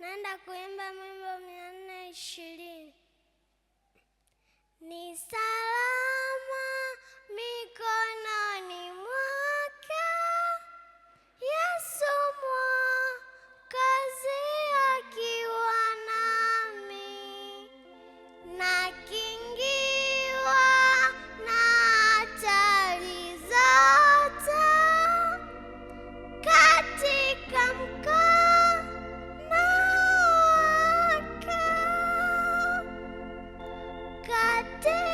naenda kuimba mwimbo mia nne ishirini ni did.